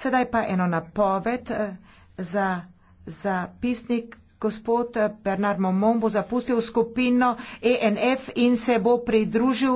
Sedaj pa eno napoved eh, za zapisnik. Gospod eh, Bernard Momon bo zapustil skupino ENF in se bo pridružil.